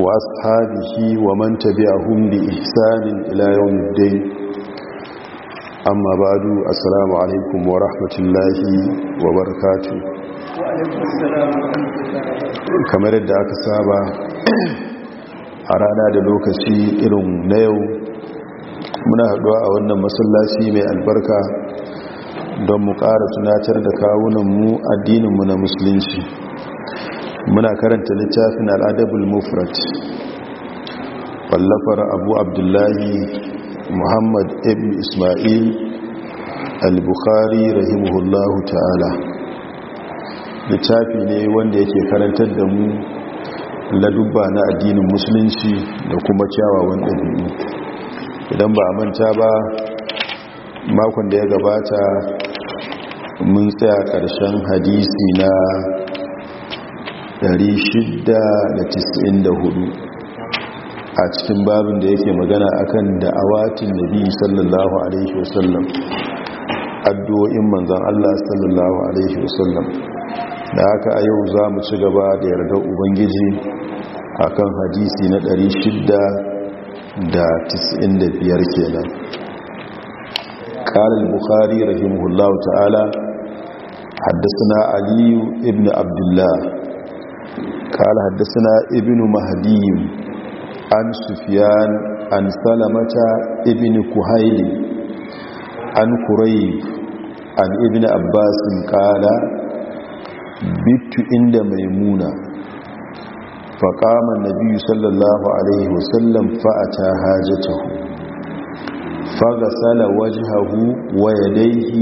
واصحابه ومن تبعهم باحسان الى يوم الدين اما بعد السلام عليكم ورحمه الله وبركاته kamar yadda aka saba a rana da lokaci irin na yau muna haɗuwa a wannan masallaci mai albarka don mu ƙara tunatar da kawunan kawunanmu addininmu na musulunci muna karanta littafin al'adabul mufrat wallafar abu abdullahi muhammad ibn ismail al-bukhari rahimahullahu ta'ala littafi ne wanda yake karantar da mu ladubba na addinin musulunci da kuma kyawawan ɗabi'u idan ba a manta ba makon da ya gabata mun tsaya ƙarshen hadisi na a cikin babin da yake magana akan da'awatin nabi sallallahu alaihi wasallam addu'o'in manzan Allah sallallahu alaihi wasallam da haka a yau za mu ci gaba da yarda ubangiji akan hadisi na 695 kenan qala al-bukhari rahimahullahu ta'ala حدثنا ali ibn abdullah قال حدثنا ابن مهدي عن سفيان عن سلمة ابن كهيل عن كريب عن ابن عباس قال بيت عند ميمونة فقام النبي صلى الله عليه وسلم فأتى حاجته فغسل وجهه ويديه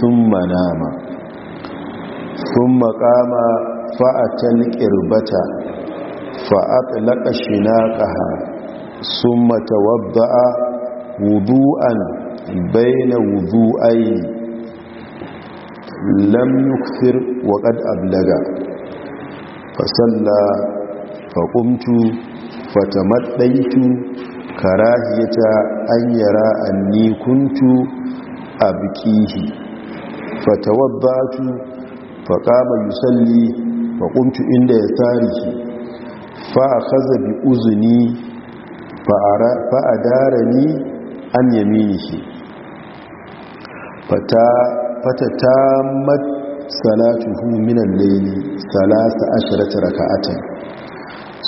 ثم نام ثم قام fa'atan ƙirbata na ƙaha sun mata wabba'a wudu'an baina wudu'ai lam yukfir wa ƙad ablaga fasalla faƙumtu fatamaɗaitu karahiyata an yara anni a abkihi fatawabbatu faƙama yusalli faƙuntu inda ya tsari fa a kaza bi uzuni fa a dara ni an yamini shi fata ta mat salatuhu minan laili salasa ashirata raka'atan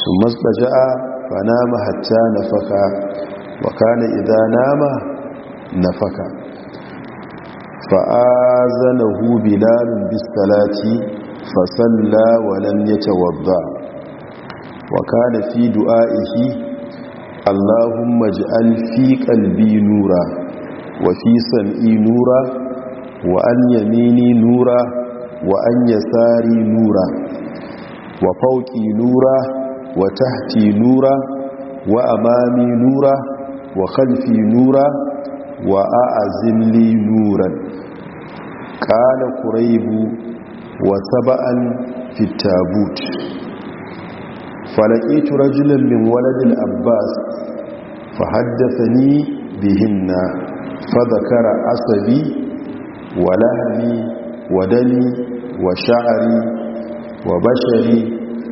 su masbaja'a fa nama hatta nafaka wa kana a nama nafaka fa'azanahu bilalun bisalati fasalla walam ya tawadda wa kana fi du'a'ihi allahumma ij'al fi qalbi nura wa fi sam'i nura wa an yamini nura wa an yasari nura wa fawqi nura wa tahti nura wa amami nura wa khalfi nura wa a'azim li nuran qala quraibu Wasaba'an saba'an fitabut falakitu rajulan min waladil abbas fa ni bihinna fa zakara asabi wa lahmi wa dami wa sha'ari wa bashari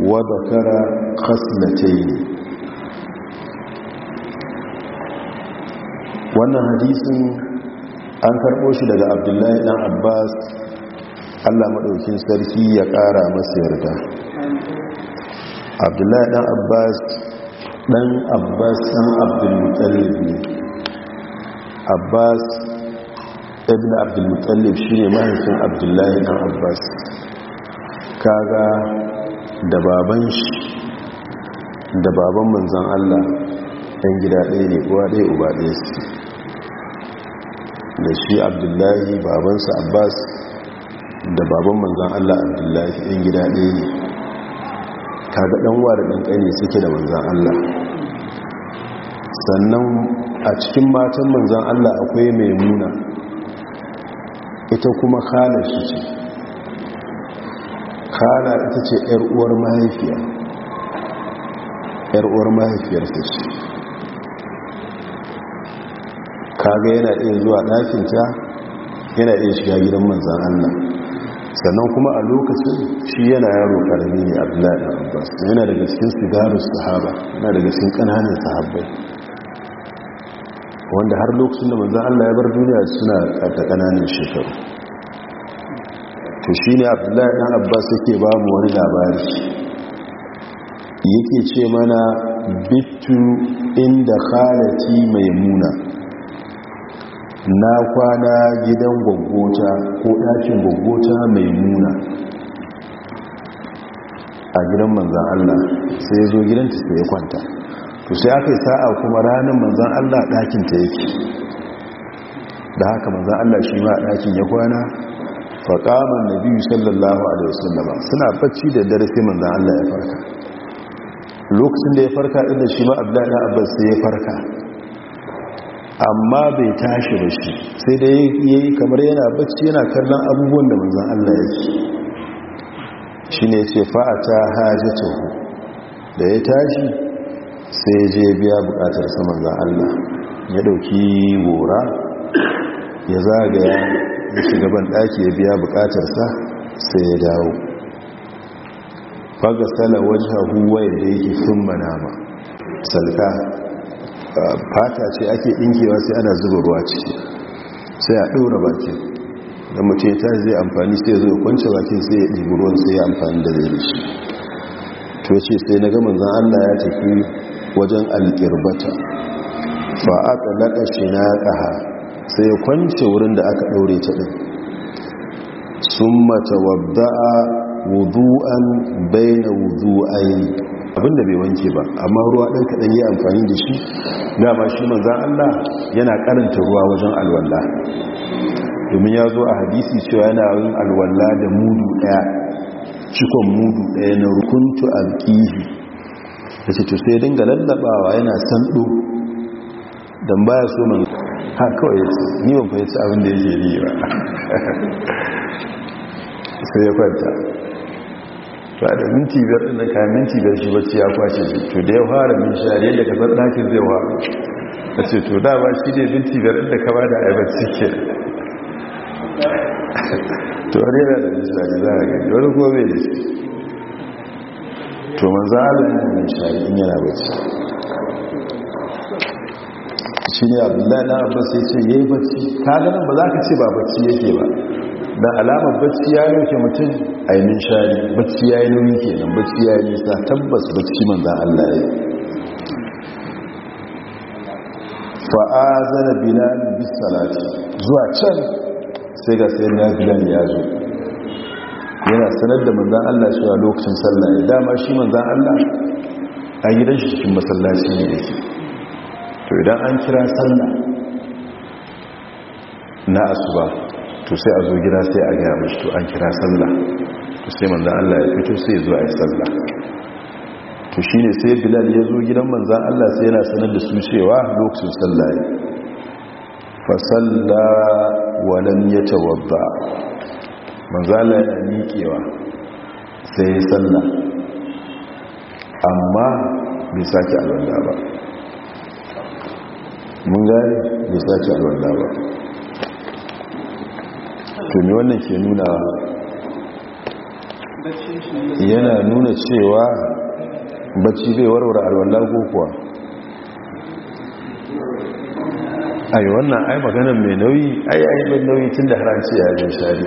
wa zakara ne. wannan hadisin an karɓo shi daga abdullahi ɗan abbas allah maɗaukin sarki ya ƙara masa yarda abdullahi ɗan abbas ɗan abbas ɗan abdulmutallif ne abbas ibn abdulmutallif shi ne mahaifin abdullahi ɗan abbas kaga da baban shi da baban manzan allah ɗan gida ɗaya ne kuwa ɗaya uba ɗaya su da shi abdullahi babansa abbas da baban manzan Allah abdullahi ɗan gida ɗaya ne kaga ɗanwa da ɗanƙani suke da manzan Allah sannan a cikin matan manzan Allah akwai mai nuna ita kuma kala shi ce kala ita ce ‘yar'uwar mahaifiya ‘yar'uwar mahaifiyar ta ce kaga yana iya zuwa ɗakinta yana iya shiga gidan manzan Allah sannan kuma a lokacin shi yana yaro karami ne abdullahi abbas yana daga cikin sigarar sahaba yana daga cikin kananan sahabbai wanda har lokacin da manzan allah ya bar duniya suna da kananan shekaru to shi ne abdullahi ɗan abbas yake ba mu wani labari yake ce mana bitu inda khalati mai muna na kwana gidan gwaggota ko ɗakin gwaggota mai nuna a gidan manzan Allah sai ya zo gidanta sai ya kwanta to sai aka yi sa'a kuma ranar manzan Allah ɗakinta yake da haka manzan Allah shi ma ɗakin ya kwana faƙaman na biyu sallallahu alaihi wasallam suna bacci da dare sai manzan Allah ya farka lokacin da ya farka inda shi ma abdullahi abbas sai ya farka amma bai tashi ba shi sai da ya yi kamar yana bacci yana kallon abubuwan da manzan Allah ya ce shi ne ce fa'ata hajjatahu da ya tashi sai ya je biya bukatar saman zan Allah ya ɗauki gora ya zagaya ya shiga ban ɗaki ya biya sa sai ya dawo faga sala wajen huwa yadda yake sun manama salka fata ce ake ɗinkewa sai ana zuba ruwa ciki sai a ɗora bakin da mutum ta tashi zai amfani sai zai kwanci bakin sai ya ɗibi ruwan sai ya amfani da zai shi to ce sai na gama zan allah ya tafi wajen alƙirbata ba aka naɗa shi na ƙaha sai ya kwanci wurin da aka ɗaure ta ɗin sun mata wadda'a wudu'an bai na wudu'ai Abin da bai wanke ba amma ruwa ɗan kaɗan yi amfani da shi dama shi manzan Allah yana karanta ruwa wajen alwalla domin ya zo a hadisi cewa yana yin alwalla da mudu ɗaya cikon mudu ɗaya na rukuntu alkihi da ce to sai dinga lallabawa yana sanɗo don baya so man ha kawai ya ni ban fahimci abin da yake yi ba sai ya kwanta fada minti biyar ɗin ka minti biyar shi bacci ya kwashe shi to da ya fara min shari yadda daga san ɗakin zai wa a ce to da ba shi ne minti biyar ɗin da ka ba da a bacci ke to wani yana da misali za a gani wani kuma bai to manza ala yana min shi in yana bacci shi ne abdullahi na abbas sai ce ya yi bacci ka ganin ba za ka ce ba bacci yake ba da alamar bacci ya nuke mutum ainihin shari bacci ya yi ke nan bacci ya yi nisa tabbas bacci man za Allah ya fa'azana bilal bis salati zuwa can sai ga sai na bilal ya zo yana sanar da manzan Allah a lokacin sallah ya dama shi manzan Allah a gidan shi cikin masallaci ne yake to idan an kira sallah na asuba to sai a zo gida sai a gaya mashi to an kira sallah to sai manzan Allah ya fito sai ya zo a yi sallah to shi ne sai bilal ya zo gidan manzan Allah sai yana sanar da su cewa lokacin sallah ne fasalla nan ya tawabba manzan Allah ya miƙewa sai ya sallah amma bai sake alwanda ba mun gari bai sake alwanda ba to me wannan ke nuna yana nuna cewa bacci zai warware alwallah ko kuwa ai wannan ai maganar mai nauyi ai ai mai nauyi tun da haranci ya yi shari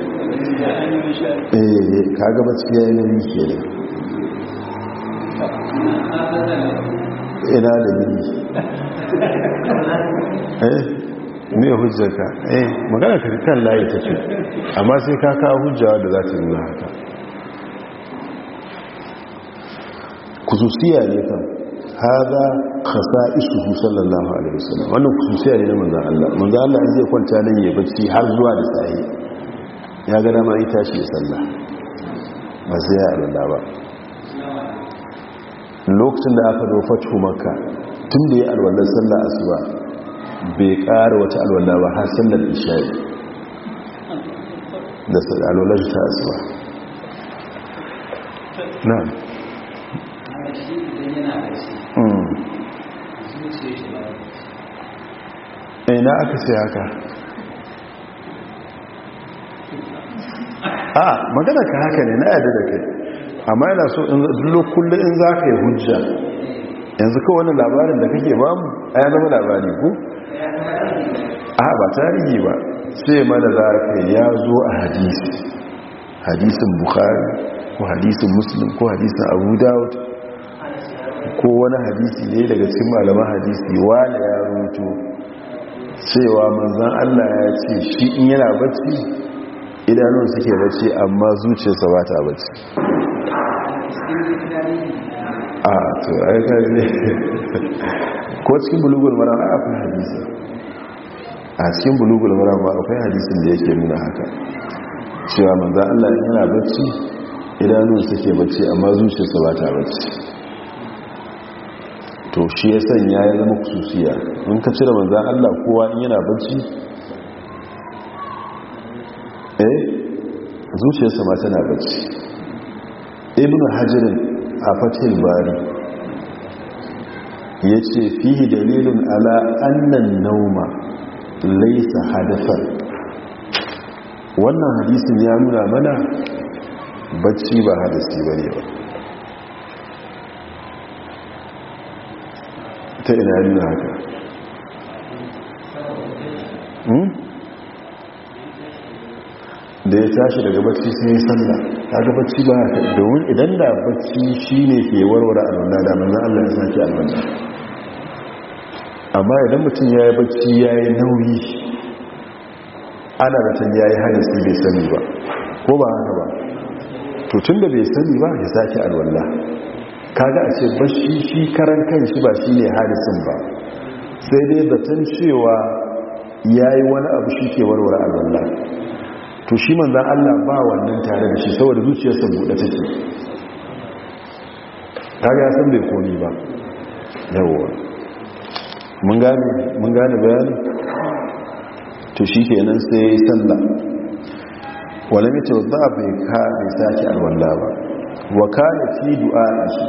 eh kaga bacci ya yi nauyi ke ne ina da ni eh ne hujjarka eh magana ta kan layi ta ce, amma sai ka kawo hujjawa da za ta nuna haka kususiya ne kan haza isu, isuhu sallallahu alaihi wasallam wannan kususiya ne na manzon Allah manzon Allah an zai kwanta nan ya bacci har zuwa da sai ya ga dama ai tashi ya sallah ba sai ya alalla ba lokacin da aka zo fatu makka tun da ya alwallar sallah asuba bai ƙara wata alwala ba har sallar ishari da alwalar ta ba na hmm. ina aka sai haka a ah, magana ka haka ne na yadda da kai amma yana so kullum in za ka yi hujja yanzu kawai labarin da kake bamu a yanzu labari ku a ba tarihi ba sai mana za ka ya zo a hadisi hadisin bukhari ko hadisin muslim ko hadisin abu daud ko wani hadisi ne daga cikin malaman hadisi wani ya rutu cewa manzan allah ya ce shi in yana bacci idanun suke bacci amma zuciyarsa ba ta bacci a to aika ne ko cikin bulugun mara a afin a cikin bulugul marama akwai hadisin da yake nuna haka cewa manzan allah yana bacci idanun suke bacci amma zuciyarsa ba ta bacci to shi ya sanya ya zama kususiya in ka cire manzan allah kowa in yana bacci eh zuciyarsa ma tana bacci ibn hajjirin a fatil bari ya ce fihi dalilin ala annan nauma laisa hadafan wannan hadisin ya nuna mana bacci ba hadasi ba ne ba ta ina na haka hmm? da ya tashi daga bacci yi sanda ta ga bacci ba haka, domin idan da bacci shine ke warware alwala da manzon Allah ya sake alwala amma idan mutum ya yi bacci ya yi nauyi ana mutum ya yi su bai sani ba ko ba haka ba to tun da bai sani ba ya sake alwalla kaga a ce bashi shi karan kan shi ba shi ne hadisin ba sai dai batun cewa ya yi wani abu shi ke warware alwalla to shi manzan allah ba wannan tare da shi saboda zuciyarsa buɗe take kaga ya san bai komi ba yawon mun gane bayan bayani to shi ke nan sai ya yi sallah wala za a bai ka bai sake alwala ba wa du'a fi shi?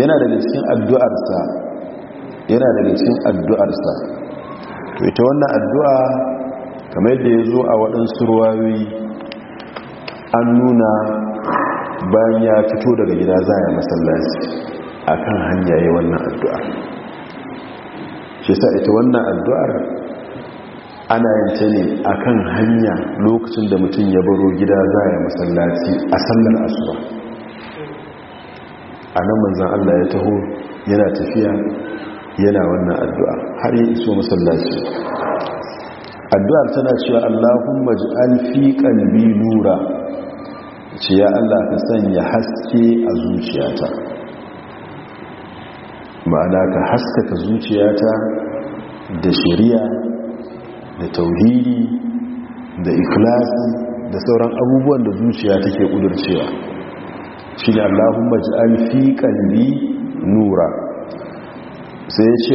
yana daga cikin addu'arsa yana da cikin addu'arsa to ita wannan addu'a kamar yadda ya zo a waɗansu ruwayoyi an nuna bayan ya fito daga gida za a yi masallaci a kan hanya wannan addu'a shi sa ita wannan addu'ar ana yin ta ne a kan hanya lokacin da mutum ya baro gida za ya masallaci a sallar asuba a nan manzan allah ya taho yana tafiya yana wannan addu'a har yi iso masallaci addu'ar tana cewa allahumma ji alfi kalbi nura ce ya allah ka sanya haske a zuciyata ma'ana ka haskaka zuciyata da shari'a da tauhidi da ikhlasi da sauran abubuwan da zuciya take kudurcewa shi ne allahumma ji'al fi qalbi nura sai ya ce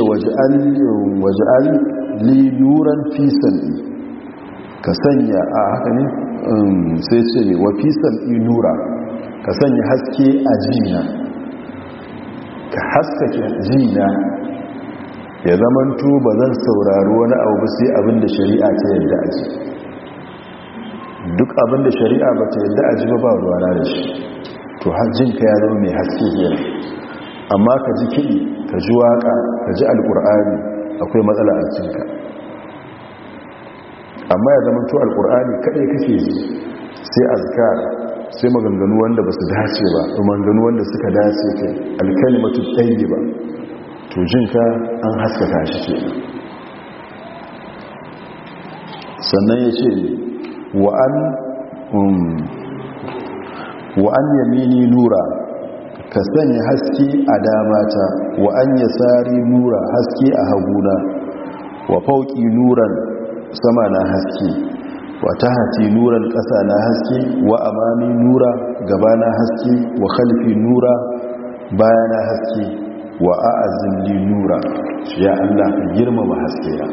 waj'al li nuran fi sal'i ka sanya a haka ne um, sai ce wa fi sal'i nura ka sanya haske a jina ka haskake jina ya zamanto ba zan saurari wani abu ba sai abinda shari'a ta yadda a ji duk abin shari'a ba ta yadda a ji ba ba ruwana da shi to ka ya zama mai haske ne amma ka ji kiɗi ka ji waƙa ka ji alƙur'ani akwai matsala a ka. amma ya zama to alƙur'ani kaɗai kake ji sai azkar sai maganganu wanda ba su dace ba maganganu wanda suka dace ke alkalimatu ɗayi ba to jinka an haskata shi ce sannan ya ce wa'an um, yamini nura ka sanya haske a damata wa'an ya tsari nura haske a haguna wa fauki nuran sama na haske Wa ta hati nuran ƙasa na haske wa amami nura gaba na haske wa khalfi nura baya na haske wa a'azin li nura ya Allah girmama haske ya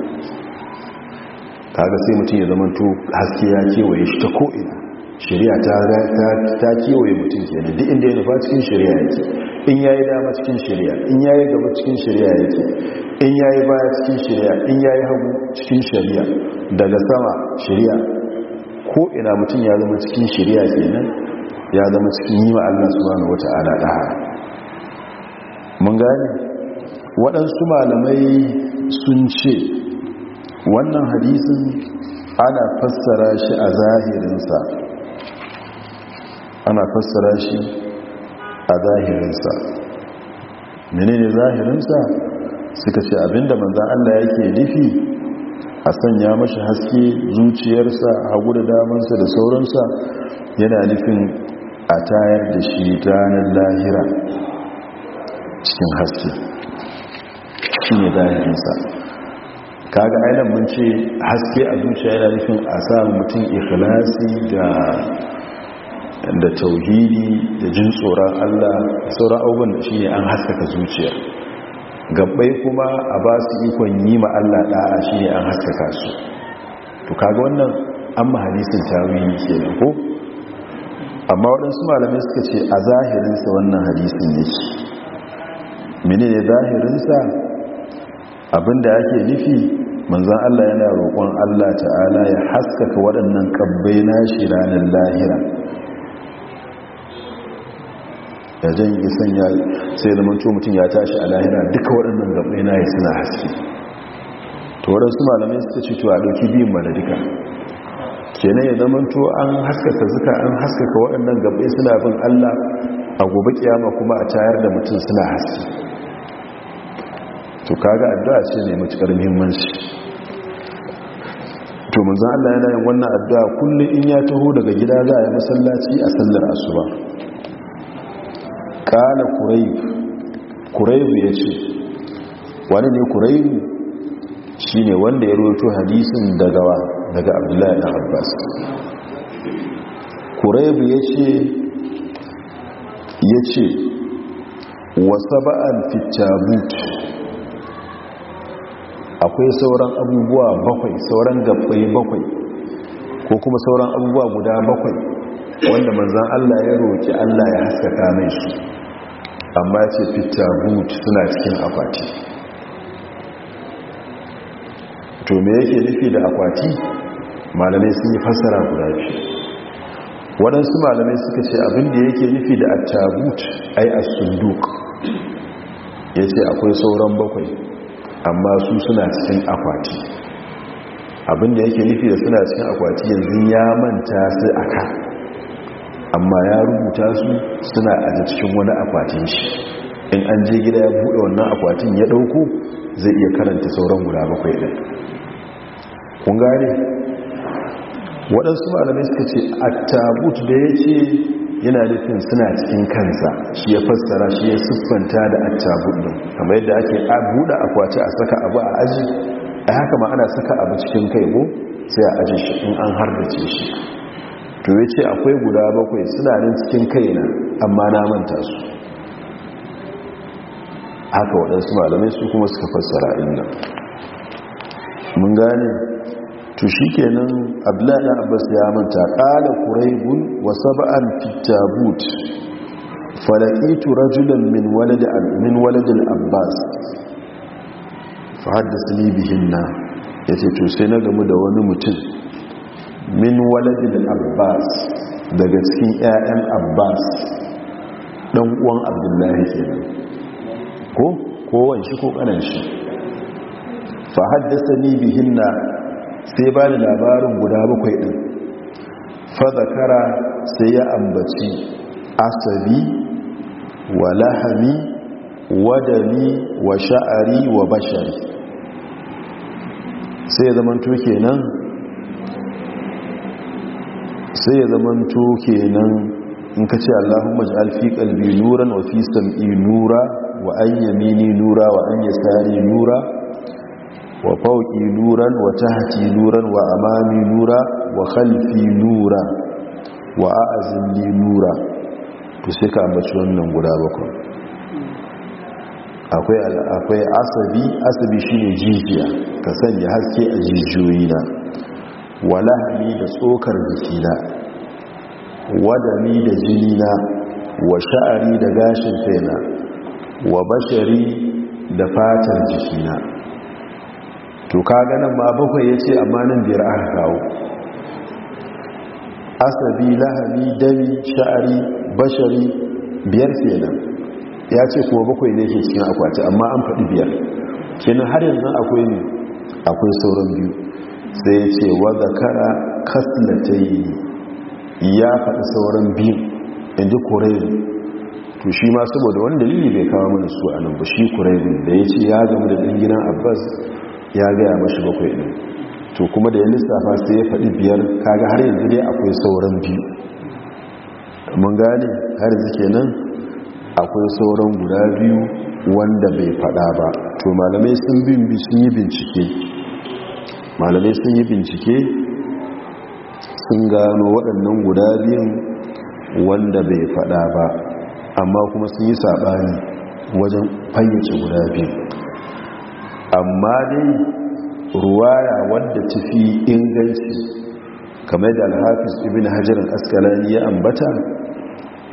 ga sai mutum ya zama to haske ya kewaye shi ta ko'ina shari'a ta kewaye mutum ke duk inda ya nufa cikin shari'a yake in ya yi dama cikin shari'a in ya yi gaba cikin shari'a yake in ya yi baya cikin shari'a in ya yi hagu cikin shari'a daga sama shari'a ko ina mutum ya zama cikin shirya nan, ya zama cikin yi wa Allah wata ana ɗaha mun gane waɗansu malamai sun ce wannan hadisin ana fassara shi a zahirinsa ana fassara shi a zahirinsa menene zahirinsa suka ce abinda manzan Allah yake nufi a ya mashi haske zuciyarsa hagu da damansa da sauransa yana nufin a tayar da shi ranar lahira cikin haske shi ne zahirinsa kaga ainihin mun ce haske a zuciya yana nufin a sa mutum ikhlasi da da tauhidi da jin tsoron Allah sauran abubuwan shi ne an haskaka zuciya gabbai kuma a ba su ikon yi ma Allah shi ne an haskaka su to kaga wannan an ma hadisin ke kenan ko amma waɗansu malamai suka ce a zahirinsa wannan hadisin ne mene ne zahirinsa abinda yake nufi manzan Allah yana roƙon Allah ta'ala ya haskaka waɗannan kabbai na shi ranar lahira da zan yi sanya sai zama to mutum ya tashi a lahira duka waɗannan gabai na ya suna haske to waɗansu malamai suka ce to a ɗauki biyun mana duka kenan ya zama to an haskaka zuka an haskaka waɗannan gabai suna bin allah a gobe kiyama kuma a tayar da mutum suna haske to kaga addu'a ce ne matuƙar muhimmanci to manzon Allah yana yin wannan addu'a kullum in ya taho daga gida za a yi masallaci a sallar asuba kala kuraibu kuraibu ya ce wani ne kuraibu shi ne wanda ya roto hadisun dagawa daga abdullahi na abbas kuraibu ya ce ya ce wasa ba'an fitabut akwai sauran abubuwa bakwai sauran gabbai bakwai ko kuma sauran abubuwa guda bakwai wanda manzan allah ya roƙi allah ya haskaka mai shi amma ya ce fita boot suna cikin akwati to me yake nufi da akwati malamai sun yi fassara guda biyu waɗansu malamai suka ce abinda yake nufi da attabut ai a sunduk ya ce akwai sauran bakwai amma su suna cikin akwati abinda yake nufi da suna cikin akwati yanzu ya manta su aka amma ya rubuta su suna a cikin wani akwatin shi in an je gida ya buɗe wannan akwatin ya ɗauko zai iya karanta sauran guda bakwai ɗin kun gane waɗansu malamai suka ce attabut da ya ce yana nufin suna cikin kansa shi ya fassara shi ya siffanta da attabut ɗin kamar yadda ake buɗe akwati a saka abu a aji a haka ma ana saka abu cikin kai ko sai a aji shi in an harbace shi to ya ce akwai guda bakwai suna nan cikin kaina amma na manta su haka waɗansu malamai su kuma suka fassara inda mun gane to shi kenan abdullahi abbas ya manta ƙala kuraibun wa saba'an fitabut falaƙitu rajulan min waladin abbas fa haddasa ni bihin na ya ce to sai na gamu da wani mutum min waladin abbas daga cikin 'ya'yan abbas ɗan uwan abdullahi kenan ko kowan shi ko ƙanan shi fa haddasa ni bihinna sai ba da labarin guda bakwai ɗin fa zakara sai ya ambaci asabi wa lahami wa dami wa sha'ari wa bashari sai ya zamanto kenan sai ya zama to kenan in ka ce Allahumma ij'al fi qalbi nuran wa fi sam'i nura wa an nura wa an yasari nura wa fawqi nuran wa tahti nuran wa amami nura wa khalfi nura wa a'zimni nura to sai ka ambaci wannan guda bakwai akwai akwai asabi asabi shine jijiya ka sanya haske a jijiyoyi na. walahami da tsokar jikina wadani da jinina wa sha'ari da gashin kaina wa bashari da fatan jikina to kaga nan ma bakwai yace amma nan biyar aka kawo asabi lahami dami sha'ari bashari biyar kenan yace ce kuma bakwai ne ke cikin akwati amma an faɗi biyar kenan har yanzu akwai ne akwai sauran biyu sai ya ce wa zakara yi ya faɗi sauran biyu in ji kurairu to shi ma saboda wani dalili bai kawo mana su a nan ba shi kurairu da ya ce ya gamu da ɗan gidan abbas ya gaya mashi bakwai ɗin to kuma da ya lissafa sai ya faɗi biyar kaga har yanzu dai akwai sauran biyu mun gane har yanzu kenan akwai sauran guda biyu wanda bai faɗa ba to malamai sun bin sun yi bincike malamai sun yi bincike sun gano waɗannan guda biyun wanda bai faɗa ba amma kuma sun yi saɓani wajen fayyace guda biyu amma dai ruwaya wadda tafi inganci kamar da alhafiz ibn hajjarin askalani ya ambata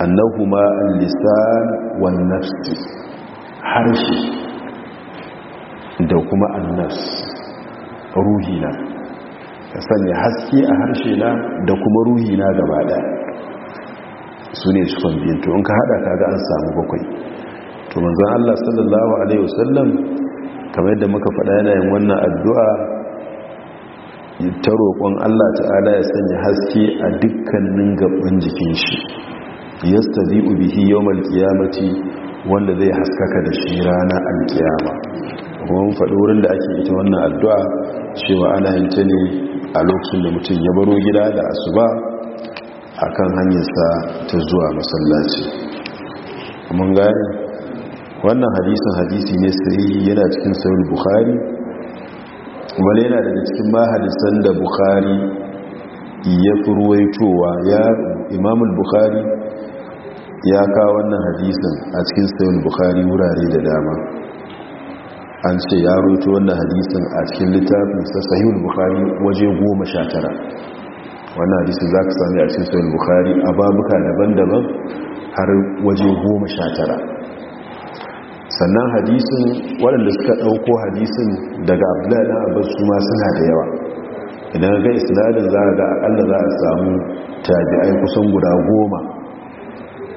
annahuma al-lisan wan nafs harshe da kuma annas ruhina ka sanya haske a harshe na da kuma ruhina gaba daya su ne cikin biyan in ka hada ga an samu bakwai to manzon Allah sallallahu alaihi wasallam kamar yadda muka faɗa yana yin wannan addu'a ta roƙon Allah ta'ala ya sanya haske a dukkanin gaban jikin shi yastazi'u bihi yawmal qiyamati wanda zai haskaka da shi rana alkiyama kuma mun faɗi wurin da ake ita wannan addu'a cewa ana yin ne a lokacin da mutum ya baro gida da asuba a kan hanyarsa ta zuwa masallaci mun gani wannan hadisun hadisi ne sai yana cikin sauri bukhari wani yana daga cikin mahadisan da bukhari ya fi ruwaitowa ya imamul bukhari ya kawo wannan hadisun a cikin sauri bukhari wurare da dama an ce ya roto wannan hadisun a cikin littafin sa sahihul bukhari waje goma sha tara wannan hadisun za ka sami a cikin sahihul bukhari a babuka daban-daban har waje goma sha tara sannan hadisun waɗanda suka ɗauko hadisin daga abdullahi na su ma suna da yawa idan ga isladin za ga aƙalla za a samu tabi'ai kusan guda goma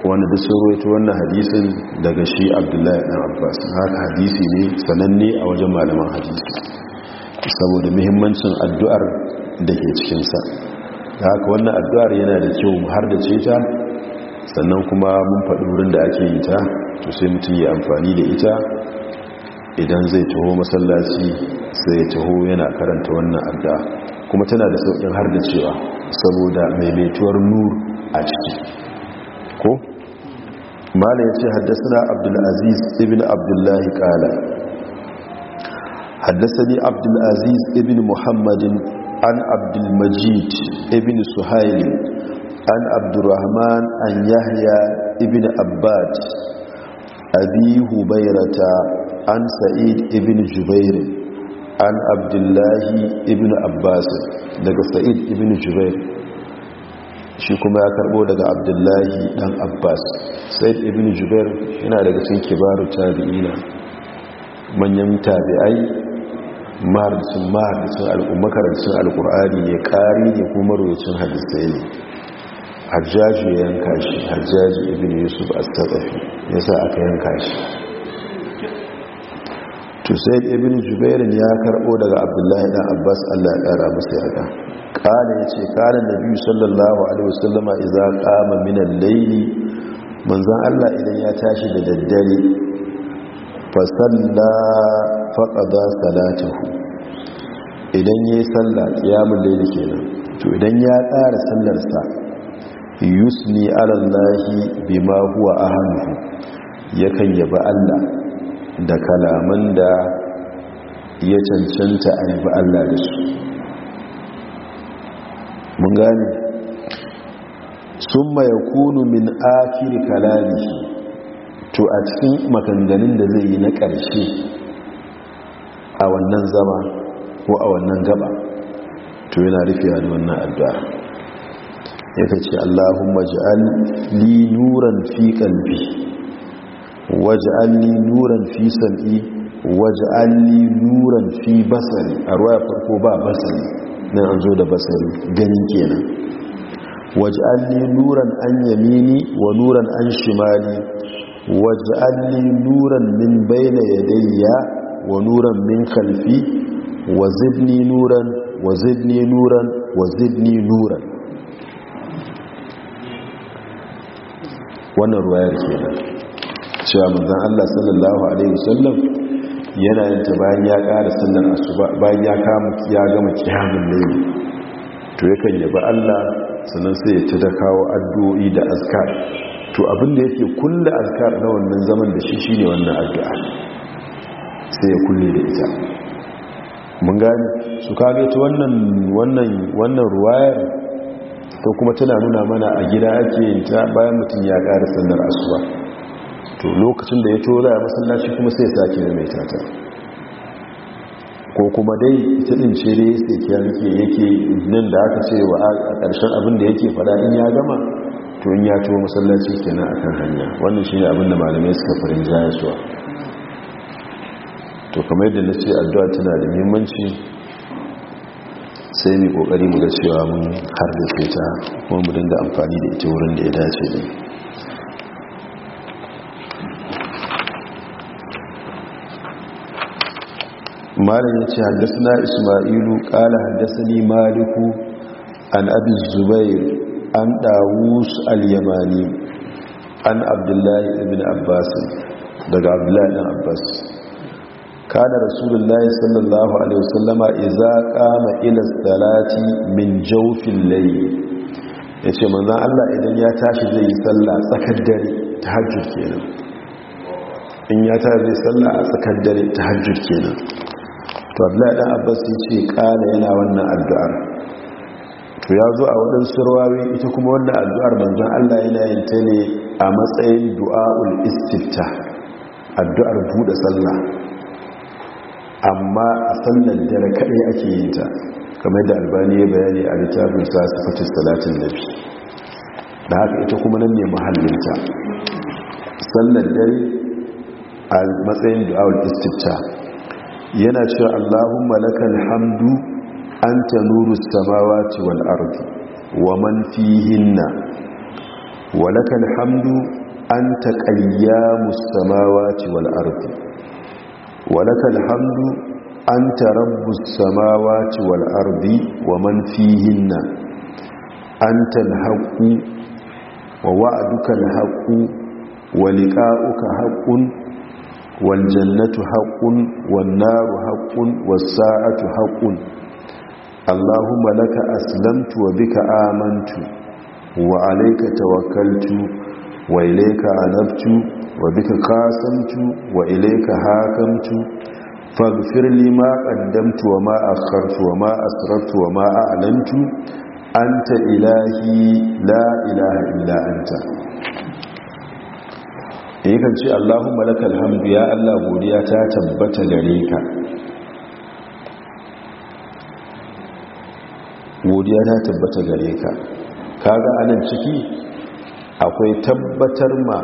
wanda duk sun roito wannan hadisin daga shi abdullahi ɗan abbas haka hadisi ne sananne a wajen malaman hadisi saboda muhimmancin addu'ar da ke cikinsa da haka wannan addu'ar yana da kyau har da ce ta sannan kuma mun faɗi wurin da ake yi ta to sai mutum ya amfani da ita idan zai taho masallaci sai ya taho yana karanta wannan addu'a kuma tana da sauƙin har da cewa saboda maimaituwar nur a ciki ko mala ya ce haddasa abdulaziz ibn abdullahi kala haddasa ne abdulaziz ibn muhammadin an abdulmajid ibn suhaili an abdurrahman an yahya ibn abbad Abihu, hubairata an sa'id ibn jubair an abdullahi ibn abbas daga sa'id ibn jubair shi kuma ya karbo daga abdullahi dan abbas said ibn jubair yana daga cikin kibaru tabi'ina manyan tabi'ai maharisun maharisun al'umma alkur'ani ne ƙari ne kuma rubucin hadisai ne hajjaji ya yanka shi hajjaji ibn yusuf astaghafi ya sa aka yanka shi to said ibn jubair ya karbo daga abdullahi dan abbas allah ya kara masa yada kala ya ce kala da biyu sallallahu alaihi wasallama iza kama minan laili manzan allah idan ya tashi da daddare fasalla faƙada salatahu idan ya yi salla ƙiyamun laili kenan to idan ya ƙara sallarsa yusni alallahi bima huwa hannu yakan yaba allah da kalaman da ya cancanta a yabi allah da su mun gane summa yakunu min a'kiri kalamihi to a cikin maganganun da zai yi na ƙarshe a wannan zama ko a wannan gaba to yana rufe da wannan addu'a yake ce Allahumma ja'al li nuran fi qalbi waj'al li nuran fi sam'i waj'al li nuran fi basari a ruwa farko ba basari nan an zo da basari ganin kenan waj'alni nuran an yamini wa nuran an shimali waj'alni nuran min bayna yadayya wa nuran min khalfi wa zidni nuran wa zidni nuran wa zidni nuran wannan ruwayar kenan cewa manzon Allah sallallahu alaihi wasallam yana yin ta bayan ya ƙara sannan asuba bayan ya kama ya gama kiyamun laili to yakan yaba Allah sannan sai ya ta kawo addu'o'i da azkar to abinda da yake kulle askar na wannan zaman da shi shine wannan addu'a sai ya kulle da ita mun gani su kage ta wannan ruwayar ta kuma tana nuna mana a gida ake yin ta bayan mutum ya ƙara sannan asuba to lokacin da ya to za a masallaci kuma sai sake mai tata ko kuma dai ita din ce dai sai ke rike yake nan da aka ce wa a ƙarshen abin da yake faɗa in ya gama to in ya to masallaci kenan akan hanya wannan shine abin da malamai suka farin jaya suwa to kamar yadda na ce addu'a tana da muhimmanci sai mu kokari mu ga cewa mun har da ta kuma mu dinga amfani da ita wurin da ya dace da mu. malam ya ce haddasa ismailu ƙala haddasa ni maliku an abin zubair an al-yamani an abdullahi ibn abbas daga abdullahi ibn abbas kana rasulullahi sallallahu alaihi wasallama iza kama ila salati min jawfil layl yace manzon Allah idan ya tashi zai yi sallah tsakar dare tahajjud kenan in ya tashi zai sallah a tsakar dare tahajjud kenan to abdullahi dan abbas yace ce kala yana wannan addu'ar to ya zo a waɗansu rawawi ita kuma wannan addu'ar manzon Allah yana yin ta ne a matsayin du'a'ul istifta addu'ar buɗe sallah amma a sallar dare kaɗai ake yin ta kamar da albani ya bayani a littafin sa sifatis salatin nabi da haka ita kuma nan ne mahallinta sallan dare a matsayin du'a'ul istifta yana cewa Allahumma lakal hamdu anta nuru samawa wal ardi wa man fihinna wa lakal hamdu anta qayyamus samawati wal ardi wa lakal hamdu anta rabbus samawa wal ardi wa man hinna an al-haqqu wa wa'duka al wa liqa'uka haqqun waljannatu haƙun wannaru haƙun wasa'atu haƙun allahumma laka aslamtu wa bika amantu wa alaika tawakkaltu wa ilaika anabtu wa bika qasamtu wa ilaika hakamtu faghfir li ma qaddamtu wa ma akhartu wa ma asrartu wa ma alamtu, anta ilahi la ilaha illa anta yakan ce allahun lakal hamdu ya Allah godiya ta tabbata gare ka godiya ta tabbata gare ka kaga anan ciki akwai tabbatar ma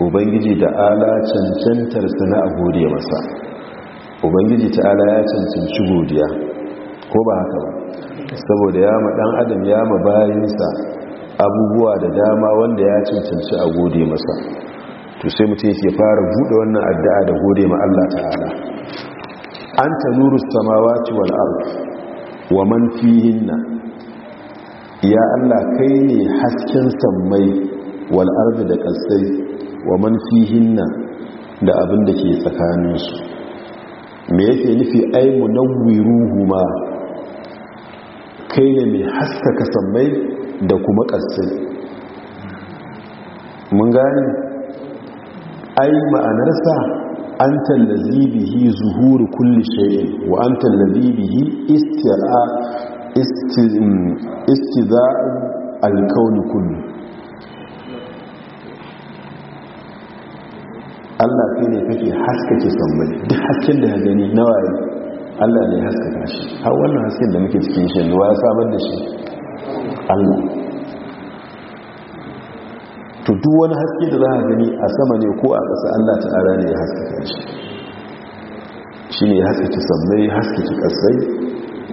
ubangiji da ala cancantar suna a godiya masa ubangiji ta ala ya cancanci godiya ko ba haka ba saboda ya maɗan adam ya ma bayansa abubuwa da dama wanda ya cancanci a gode masa to sai mutum yake fara buɗe wannan addu'a da gode ma Allah ta'ala anta nurus samawati wal ard wa man fihinna ya Allah kai ne hasken sammai wal ard da kasai wa man fihinna da abin da ke tsakaninsu me yake nufi ai munawwiruhuma kai ne mai haskaka sammai da kuma kasai mun gane ai ma'anarsa an tallazi bihi zuhuru kulli shay'in wa an tallazi bihi istira mm, istiza'u alkauni kullu Allah kai ne kake haskake sammai duk hasken da ya gani na waye Allah ne haskaka shi har wannan hasken da muke cikin shi ya samar da shi Allah duk wani haske da za a gani a sama ne ko a ƙasa allah ta'ala ne ya haskaka shi shi ne ya ta sammai ta ƙasai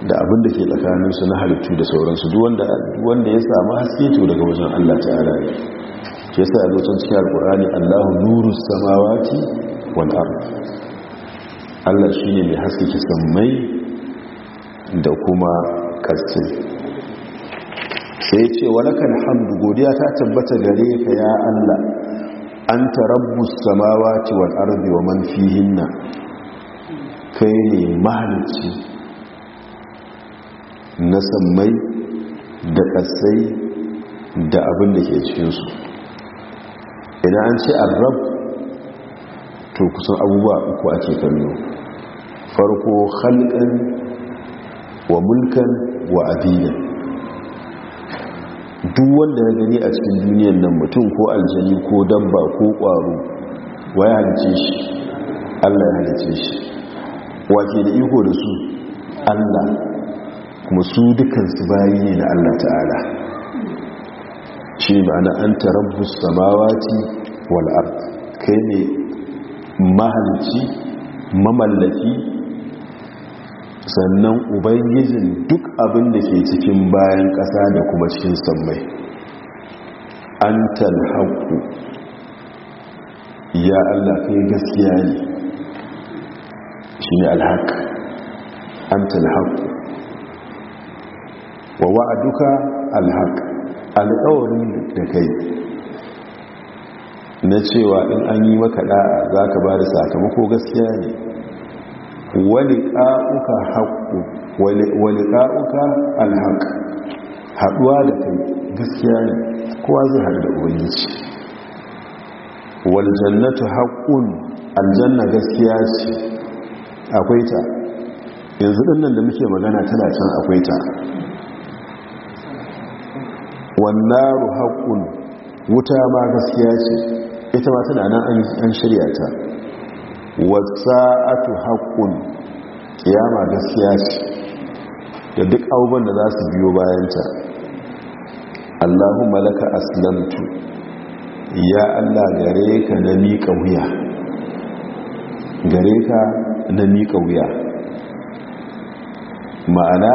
da abin da ke tsakaninsu na halittu da sauransu Duk wanda ya samu haske to daga wajen allah ta'ala ne ke sa a zocin cikin alkur'ani allahu nuru samawati wani allah shi ne mai ta sammai da kuma ƙasai Sai ce wa laka hamdu godiya ta tabbata gare ka ya Allah an tarabbus samawati wal ardi wa man fihinna kai ne mahalici na sammai da ƙasai da abin da ke cikinsu idan an ce arab to kusan abubuwa uku ake kallo farko halkan wa mulkan wa adinan duk wanda ya gani a cikin duniyar nan mutum ko aljani ko dabba ko ƙwaro wa ya halice shi allah ya halice shi wa da iko da su allah kuma su dukansu bayi ne na allah ta'ala shi ma'ana an tarabbus samawati wal'ar kai ne mahalci mamallaki sannan ubangijin duk abin da ke cikin bayan ƙasa da kuma cikin sammai an talhaku ya allah kai gaskiya ne shi ne alhaq an talhaku wa duka alhaq alƙawarin da kai na cewa in an yi maka ɗa'a za ka ba da sakamako gaskiya ne walika'uka haqqu walika'uka alhaq haɗuwa da kai gaskiya ne kowa zai haɗu da ubangiji waljannatu haƙƙun aljanna gaskiya ce akwai ta yanzu nan da muke magana tana can akwai ta wannaru haƙƙun wuta ma gaskiya ce ita ma tana nan an shirya ta wasa'atu haqqun ƙiyama gaskiya ce da duk abubuwan da za su biyo bayanta allahu malaka aslamtu ya Allah gare ka na miƙa wuya gare ka na miƙa wuya ma'ana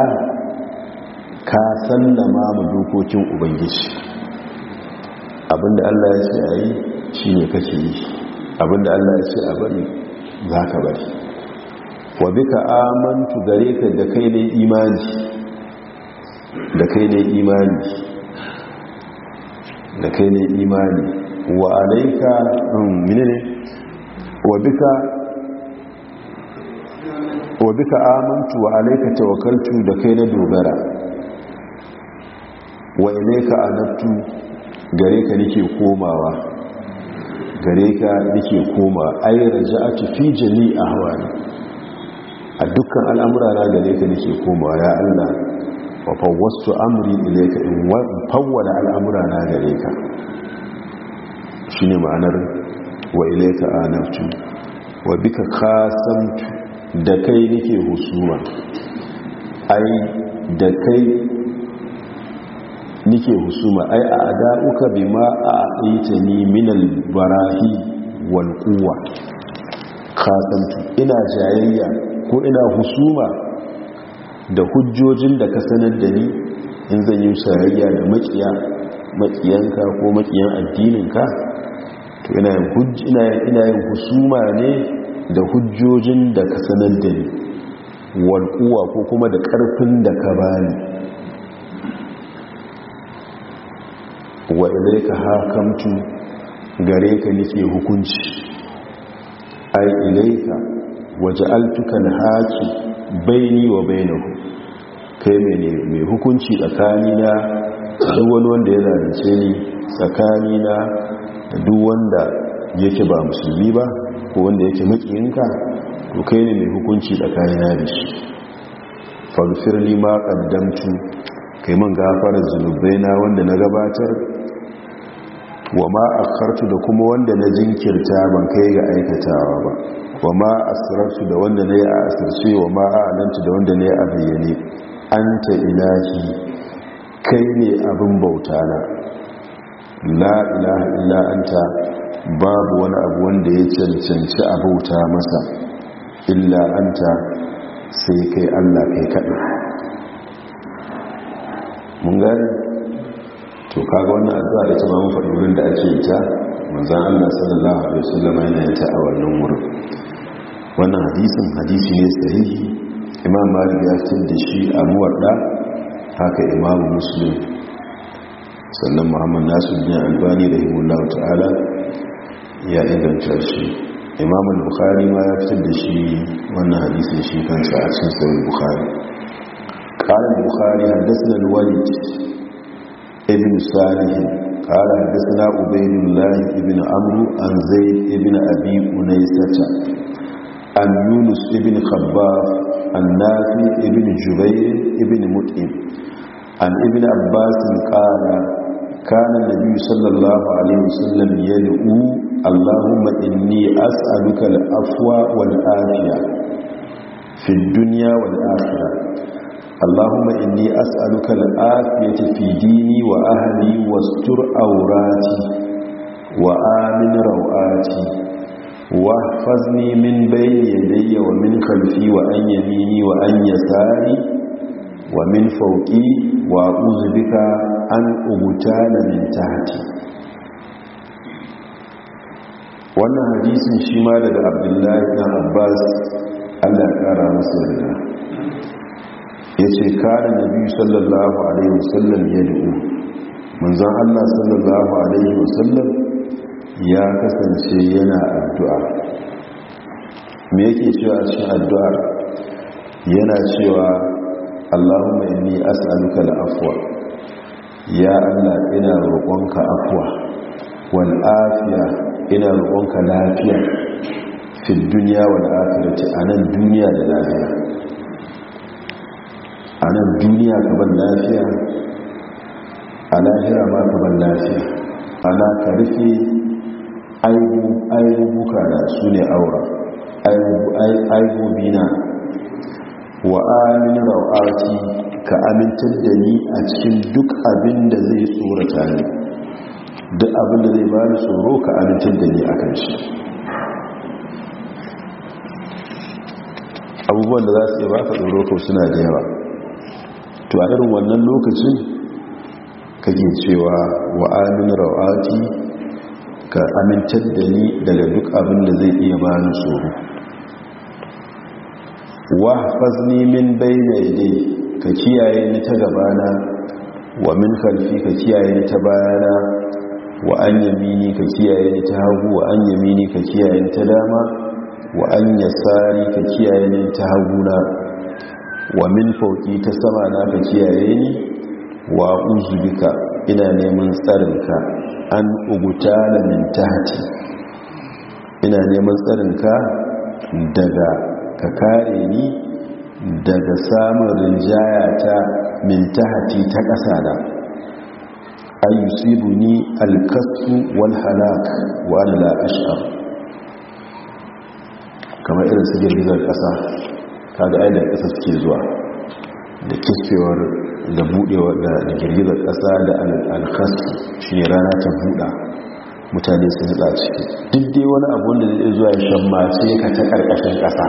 ka sallama ma dokokin ubangiji abinda Allah ya ce a yi shi ne kake yi abinda Allah ya ce a bari za ka bari wa bika amantu gare ka da kai ne imani da kai ne imani da kai ne imani wa alaika um, ne wa bika wa bika amantu wa alaika tawakaltu da kai na dogara wa ilaika anabtu gare ka nake komawa gare ka nake koma ai raja'atu fi jami ahwali a dukkan al'amura na gare ka nake koma ya Allah wa fawwastu amri ilayka in fawwala al'amura na gare ka shine ma'anar wa ilayka anaftu wa bika khasamtu da kai nake husuma ai da kai nike husuma ai a da'uka bi ma a aita ni minal barahi wal quwwa kasantu ina jayayya ko ina husuma da hujjojin da ka sanar da ni in zan yi sharriya da makiya makiyanka ko makiyan addininka to ina yin ina yin husuma ne da hujjojin da ka sanar da ni wal quwwa ko kuma da karfin da ka bani wa ilaika hakamtu gare ka nike hukunci ai ilaika waje altukan haki baini wa bainahu kai mai hukunci tsakanina duk wani wanda ya zalunce ni tsakanina duk wanda yake ba musulmi ba ko wanda yake makiyinka to kai ne mai hukunci tsakanina da shi farfir lima kaddamtu kai man gafarar zunubai na wanda na gabatar wa ma kartu da kuma wanda na jinkirta ban kai ga aikatawa ba wa ma asrartu da wanda na yi a asirce wa ma alanta da wanda na yi a bayyane anta ilahi kai ne abin bauta na la la'anta babu wani abu wanda ya cancanci a bauta masa illa anta sai kai Allah kai kaɗa mun gani to kaga wannan addu'a da ta bamu faɗin da ake yi ta manzan allah sallallahu alaihi wasallam yana yin ta a wannan wurin wannan hadisin hadisi ne sahihi imam malik ya fitar da shi a muwadda haka imam muslim sannan muhammad nasir bin albani da himullahu ta'ala ya inganta shi imam bukhari ma ya fitar da shi wannan hadisin shi kansa a cikin sahih bukhari قال البخاري حدثنا الوليد ibn salih qala hadathana ubaydullah ibn amr an zayd ibn abi unaysata an yunus ibn khabbab an nafi ibn jubayr ibn mut'im an ibn abbas qala kana nabi sallallahu alaihi wasallam yad'u allahumma inni as'aluka al-afwa wal-afiyah fi ad-dunya wal-akhirah اللهم إني أسألك الآفية في ديني وأهلي واستر أوراتي وآمن روآتي واحفظني من بين يدي ومن خلفي وأن يميني وأن يساري ومن فوقي وأعوذ بك أن أغتال من تحتي wannan hadisin shi ma daga abdullahi na abbas allah ya kara musu da ya ce kada na biyu sallallahu alaihi wasallam ya du'u manzan allah sallallahu alaihi wasallam ya kasance yana addu'a me yake cewa shi addu'a yana cewa allahumma inni as'aluka afuwa, ya allah ina roƙonka afuwa, wani afiya ina roƙonka lafiya fi duniya wal a anan duniya da lafiya a nan duniya kaban lafiya a lahira ma kaban lafiya ana ka rufe aibubuka da su ne aura aibubina wa amin rau'ati ka amintar da ni a cikin duk abin da zai tsora tare, duk abin da zai bani tsoro ka amintar da ni a kan shi abubuwan da za su yi ba ka tsoro ko suna da yawa to a irin wannan lokacin kake cewa wa amin rawati ka amintar da ni daga duk abin da zai iya ba ni tsoro wa fazni min bayna yadai ka kiyaye ni ta gabana wa min khalfi ka kiyaye ni ta bayana wa an yamini ka kiyaye ni ta hagu wa an yamini ka kiyaye ni ta dama wa an yasari ka kiyaye ni ta haguna wa min fauki ta sama na ka kiyaye ni wa uzubika ina neman tsarinka an uguta da min tahti ina neman tsarinka daga ka kare ni daga samun rinjaya ta min tahti ta ƙasa da ayyusibu ni alkasu wal halak ash'ar kamar irin su ƙasa kada ai da ƙasa suke zuwa da kiskewar da budewa da girgizar ƙasa da alkas shi rana ta buɗa mutane sun hada ciki duk dai wani abu wanda zai zuwa shan mace ka ta ƙarƙashin ƙasa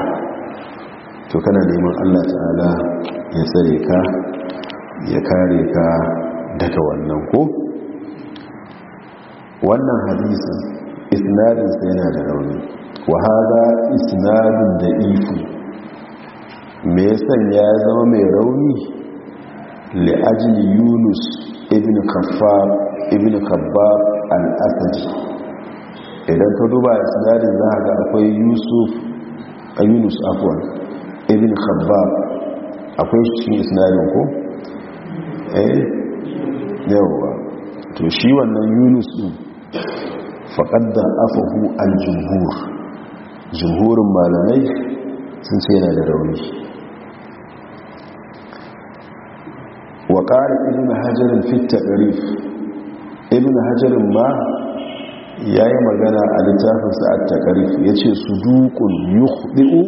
to kana neman allah ta'ala ya tsare ka ya kare ka daga wannan ko wannan hadisin isnadinsa yana da rauni wa haɗa isnadin da ifu mai yasan ya zama mai rauni li'ajin yunus ibn kafar ibn kabbar al'asadi idan ka duba a sinadin za a ga akwai yusuf a yunus afwan ibn kabbar akwai shi sinadin ko? eh yawwa to shi wannan yunus din faƙaddar afahu al-jumhur jumhurin malamai sun ce yana da rauni wa ƙara ibn hajjarin fitta ƙarif ibn hajjarin ma ya yi magana a littafinsa a taƙarif ya ce su dukun yuhdi'u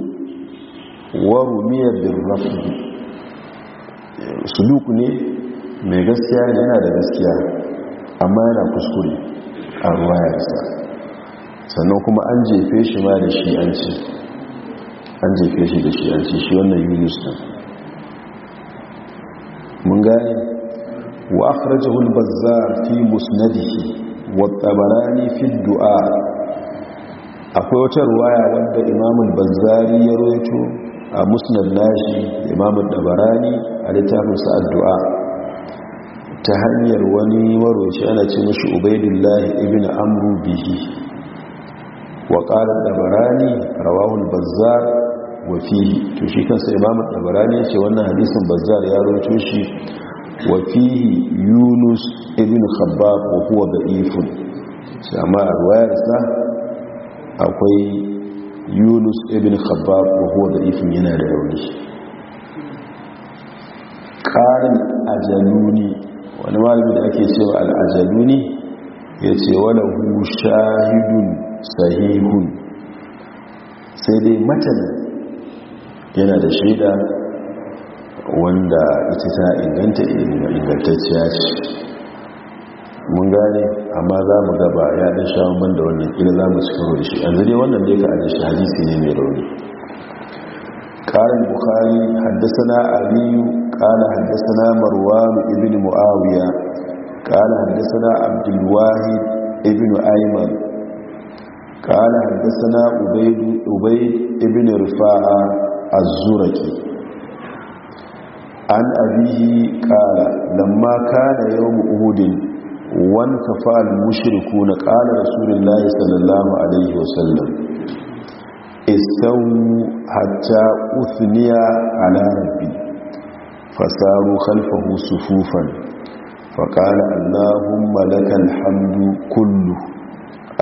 wa rumiyar birrafi su duku ne mai gaskiya yana da gaskiya amma yana kuskure a ruwayarsa sannan kuma an jefe shi ma da shi an ci an jefe shi da shi an ci shi wannan yunus mun gane wa akhrajahu al-bazzar fi musnadihi wa tabarani fi du'a akwai wata ruwaya wanda imam al-bazzari ya rawaito a musnad nashi imam tabarani a littafin sa addu'a ta hanyar wani waroshi ana ce mishi ubaidillah ibn amru bihi wa qala tabarani rawahu bazzar wafihi to shi kansa imamu tabarani ya ce wannan hadisin bazzar ya roto shi wafihi yunus ibn khabbab wa huwa da'ifun sai amma a akwai yunus ibn khabbab wa huwa da'ifun yana da rauni karin ajaluni wani malami da ake cewa al'ajaluni ya ce hu shahidun sahihun sai dai matanin yana da shaida wanda ita ta inganta ingantacciya ce mun gane amma za mu gaba ya ɗan shawon banda wannan ƙila za mu cikin da shi yanzu dai wannan dai ka ajiye shi hadisi ne mai rauni ƙarin bukari haddasa aliyu ƙala haddasa na marwanu ibn mu'awiya ƙala haddasa na Abdullahi, ibn aiman ƙala haddasa na ubaid ibn rufa'a az-zuraki an abihi qala lamma kana yawm uhudin wan kafal mushrikuuna qala rasulullahi sallallahu alaihi wasallam istawu hatta uthniya ala rabbi fasaru khalfahu sufufan فقال اللهم لك الحمد kullu.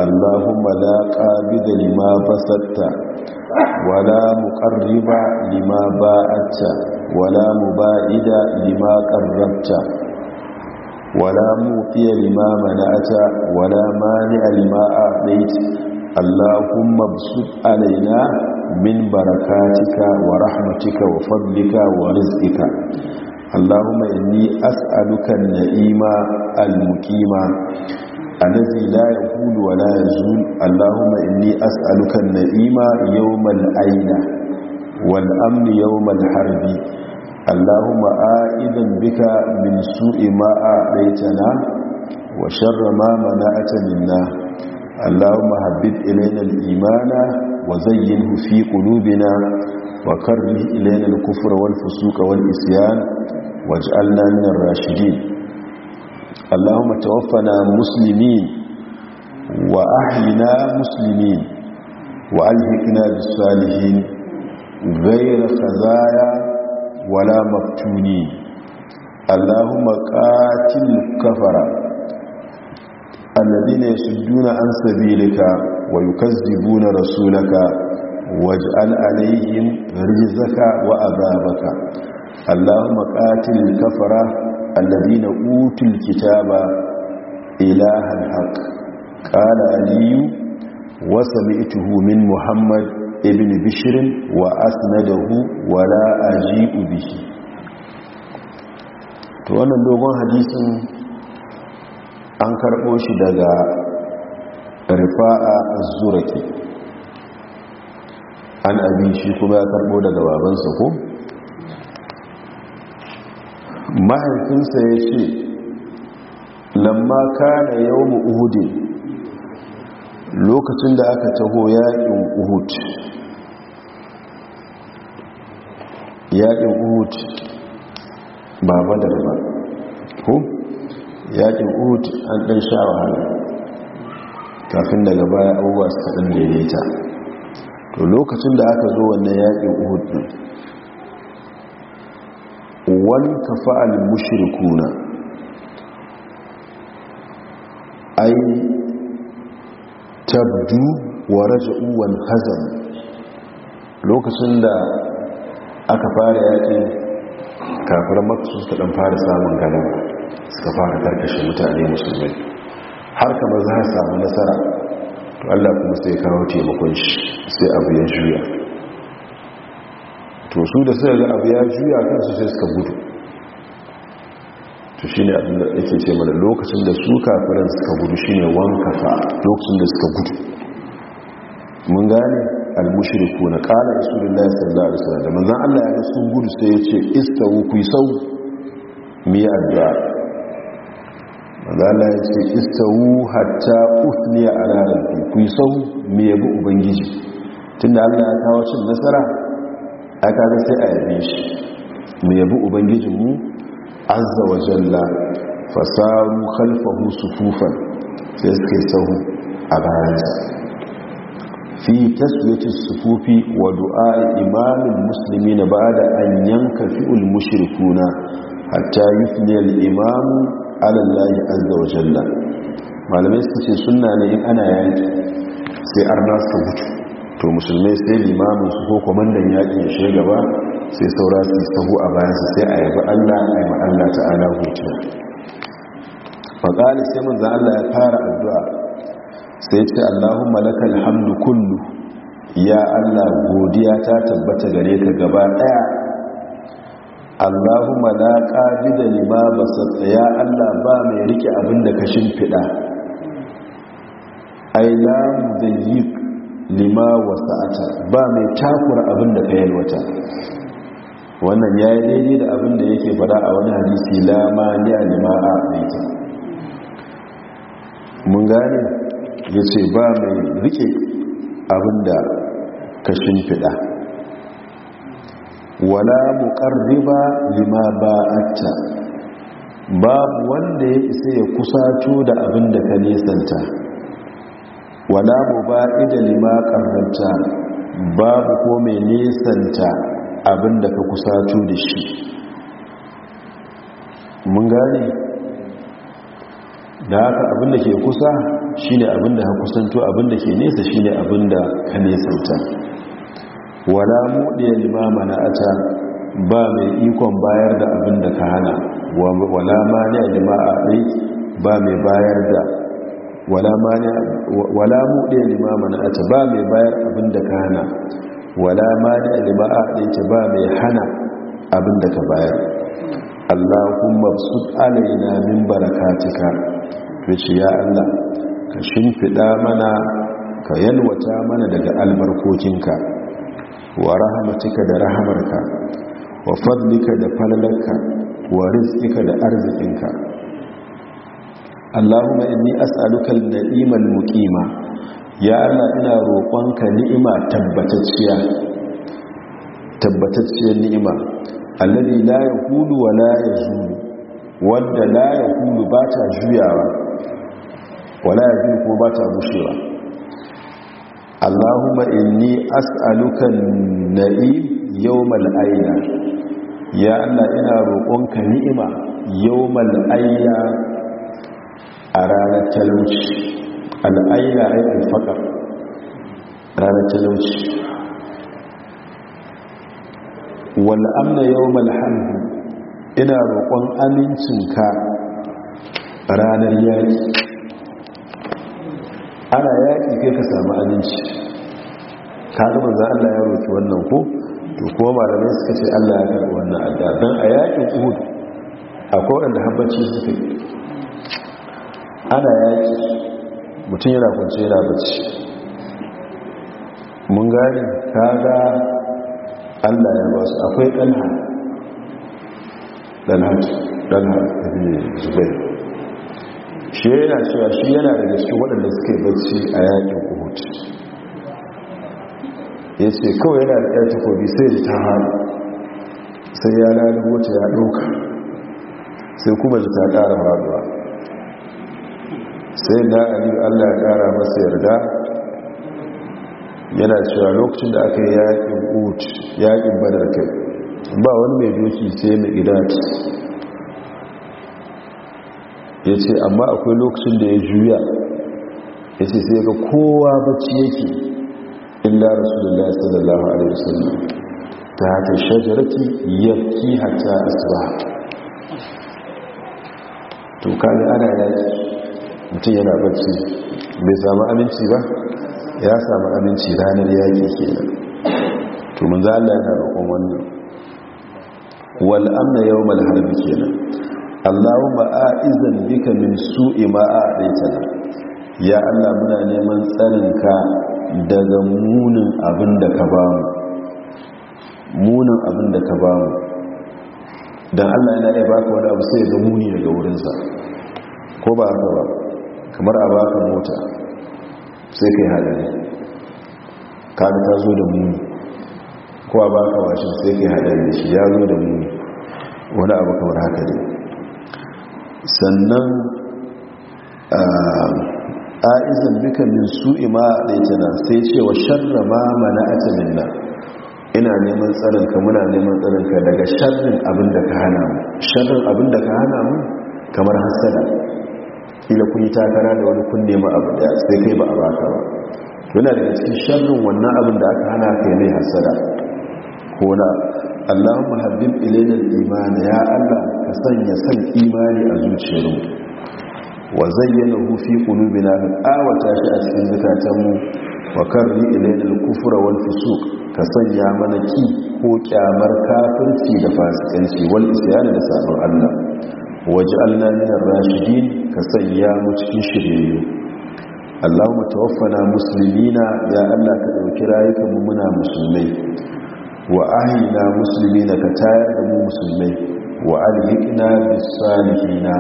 اللهم لا قابض لما بسطت ولا مقرب لما باعت ولا مباعد لما قربت ولا موفي لما منعت ولا مانع لما أعطيت اللهم ابسط علينا من بركاتك ورحمتك وفضلك ورزقك اللهم إني أسألك النئيم المكيم allazi la yaqulu wa la yazul allahumma inni as'aluka an-na'ima yawmal aina wal amn yawmal harbi allahumma a'idan bika min su'i ma a'laitana wa sharri ma mana'ata minna allahumma habbib ilayna al-imana wa zayyinhu fi qulubina wa karrih ilayna al-kufra wal fusuqa wal isyan waj'alna min ar-rashidin Allahumma tawaffana muslimin wa ahlina muslimin wa alhiqna bis salihin ghayra khazaya wala maftuni Allahumma qatil kafara alladhina yasudduna an sabilika wa yukazzibuna rasulaka waj'al alaihim rizaka, wa azabaka Allahumma qatil kafara alladina utul kitaba ilahan haq qala aliyu wa sami'tuhu min muhammad ibn bishr wa asnadahu wa la aji'u bihi to wannan dogon hadisin an karɓo shi daga rifa'a az-zuraki an abin shi kuma ya karɓo daga babansa ko mahaifinsa ya ce lamma kana mu uhudin lokacin da aka taho yaƙin uhud yaƙin uhud ba madara ba ko yaƙin uhud an ɗan sha wahala kafin daga baya abubuwa su kaɗan daidaita to lokacin da aka zo wannan yaƙin uhud ɗin wani tafa'al mushrikuna ai tabdu wa raja'u hazan lokacin da aka fara yaƙi kafin makasu suka ɗan fara samun galaba suka fara karkashin mutane musulmai har kama za a samu nasara to allah kuma sai kawo taimakon shi sai abu ya juya su da suka da abu ya juya su sai suka gudu to shi ne abin da yake ce mana lokacin da su kafiran suka gudu shi ne wanka fa. lokacin da suka gudu mun gane ko na qala rasulullahi sallallahu alaihi wasallam manzan Allah ya ga sun gudu sai ya ce istawu ku sau mi addu'a manzan Allah ya ce istawu hatta usniya ala rabbi ku sau mi yabi ubangiji tunda Allah ya kawo cin nasara a kaga sai a yabe shi mu yabi ubangijinmu azza wa jalla fasaru khalfahu sufufan sai suke sahu a bayansa fi taswiyati sufufi wa du'a imamin muslimin ba'da an yanka fi'ul mushrikuna hatta yufni al-imam ala Allah azza wa jalla malamai suka ce sunna ne in ana yanki sai arna su mutu to musulmai sai limamin su ko kwamandan yaƙi ya shiga gaba sai saura su sahu a bayansu sai a yabi allah a yi ma'alla ta'ala hutu faƙali sai manzan allah ya fara addu'a sai ce allahun malakal hamdu kullu ya allah godiya ta tabbata gare ka gaba ɗaya allahumma la da lima basatta ya allah ba mai rike abin da ka shimfiɗa ainihin la yi lima wasa'ata ba mai takura abin da ka yalwata wannan ya yi daidai da abin da yake fada a wani hadisi lama ni a lima a aiki mun gane ya ce ba mai rike abin da ka shimfiɗa wala ba lima ba'atta babu wanda ya isa ya kusato da abin da ka nesanta wala ida lima karanta babu ko mai nesanta abinda ka kusato da shi mun gane da haka abinda ke kusa shine abinda ka kusanto abinda ke nesa shine abinda ka nesanta wala mu ɗaya lima mana'ata ba mai ikon bayar da abinda ka hana wala ma ne lima a ba mai bayar da wala muɗe limama a ce ba mai bayar abin da ka hana wala mani a lima'a ba mai hana abin da ka bayar allahumma su alaina min barakatika rishi ya allah ka shimfiɗa mana ka yalwata mana daga albarkokinka wa rahamatika da rahamarka wa fadlika da falalarka wa rizkika da arzikinka Allahumma inni as'aluka an-na'ima al-muqima ya Allah ina roƙonka ni'ima tabbatacciya tabbatacciyar ni'ima alladhi la yaqulu wa la yazulu wanda la yaqulu ba ta juyawa wa la yazulu kuma ba ta bushewa Allahumma inni as'aluka an-na'im yawmal aina ya Allah ina roƙonka ni'ima yawmal aina a ranar talauci al'ayyar aikin faɗar ranar talauci wal'amna yau malhamdu ina roƙon amincinka ranar yaƙi ana yaƙi kai ka samu aminci ka zama za Allah ya roƙi wannan ko to kuma malamai suka ce Allah ya karɓi wannan adda don a yaƙin uhud akwai wanda habbaci suka yi ana yaki mutum yana kwanci yana bacci mun gani ga allah ya ba su akwai ɗanha ɗanha ɗanha zubai shi yana cewa shi yana da gaske waɗanda suke bacci a yakin kuhuti ya ce kawai yana da ɗaya takobi sai da ta hannu sai ya lalubo ta ya ɗauka sai kuma ji ta ƙara haɗuwa sai na ali allah ya kara masa yarda yana cewa lokacin da aka yi yaƙin ut yaƙin badar kai ba wani mai doki sai mai idat ya ce amma akwai lokacin da ya juya ya ce sai ga kowa bacci yake illa rasulullah sallallahu alaihi wasallam ta haka shajarati yabki hatta asba to kaga ana yaki mutum yana bacci bai samu aminci ba ya samu aminci ranar yaƙi ke nan to mun za a yana roƙon wannan wal amna ke nan kenan a izan bika min su'i ma tana ya Allah muna neman tsarinka daga munin abin da ka ba mu munin abin da ka ba mu don Allah yana iya baka wani abu sai ya ga muni daga wurinsa ko ba haka ba kamar a baka mota sai kai halari kada ta zo da muni ko a baka washin sai kai halari shi ya zo da muni wani abu kamar haka ne sannan a izin bika min su'i ma laitana sai ce wa sharra ma mana ata minna ina neman tsarinka muna neman tsarinka daga sharrin abin da ka hana mu sharrin abin da ka hana mu kamar hasada kila kun yi takara da wani kun nema abu da sai kai ba a baka ba yana daga cikin sharrin wannan abin da aka hana kai ne hasada ko na allahumma habib ilayna al ya allah ka sanya san imani a zuciyarmu wa zayyanahu fi qulubina awata shi a cikin zukatanmu wa karri ilayna al-kufra wal fusuq ka sanya mana ki ko kyamar kafirci da fasikanci wal isyan da sabon allah waj'alna min ar-rashidin ka sanya mu cikin shirye-shiryen. shiryayyu Allahumma tawaffana musulmina, ya Allah ka ɗauki rayukan mu muna musulmai wa musulmi na ka tayar da mu musulmai wa alhiqna bis salihina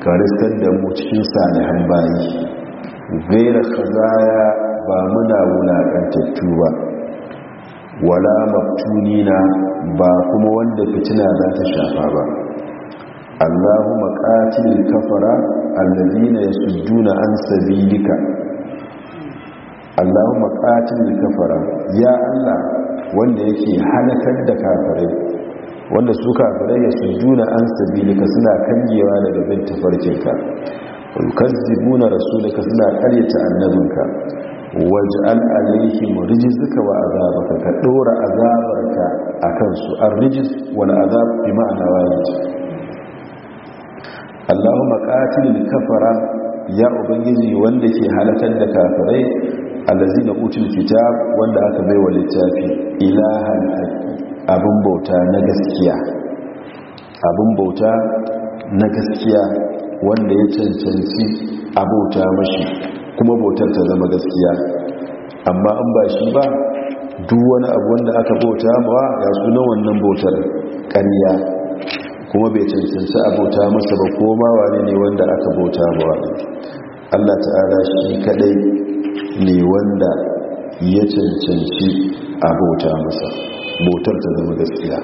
ka risar da mu cikin salihan bayi gaira khazaya ba muna wulakantattu ba wala maftunina ba kuma wanda fitina za ta shafa ba allahumma qatilil kafara alladhina yasudduna an sabilika allahumma kafara ya allah wanda yake halakar da kafirai wanda su kafirai yasudduna an sabilika suna kangewa daga bin tafarkinka yukazzibuna rasulaka suna karyata annabinka waj'al alaihim rijzaka wa azabaka ka dora azabarka akan su ar wal azab bi ma'ana Allah qatilil kafara ya ubangiji wanda ke halatar da kafirai allazina utul kitab wanda aka baiwa littafi ilahan abin bauta na gaskiya abin bauta na gaskiya wanda ya cancanci abota mashi kuma bautar ta zama gaskiya amma an ba shi ba duk wani abu wanda aka bauta ba ya suna wannan bautar ƙarya kuma bai cancanci abota masa ba ko ma ne wanda aka bota ba Allah ta'ala shi kadai ne wanda ya cancanci abota masa botar ta zama gaskiya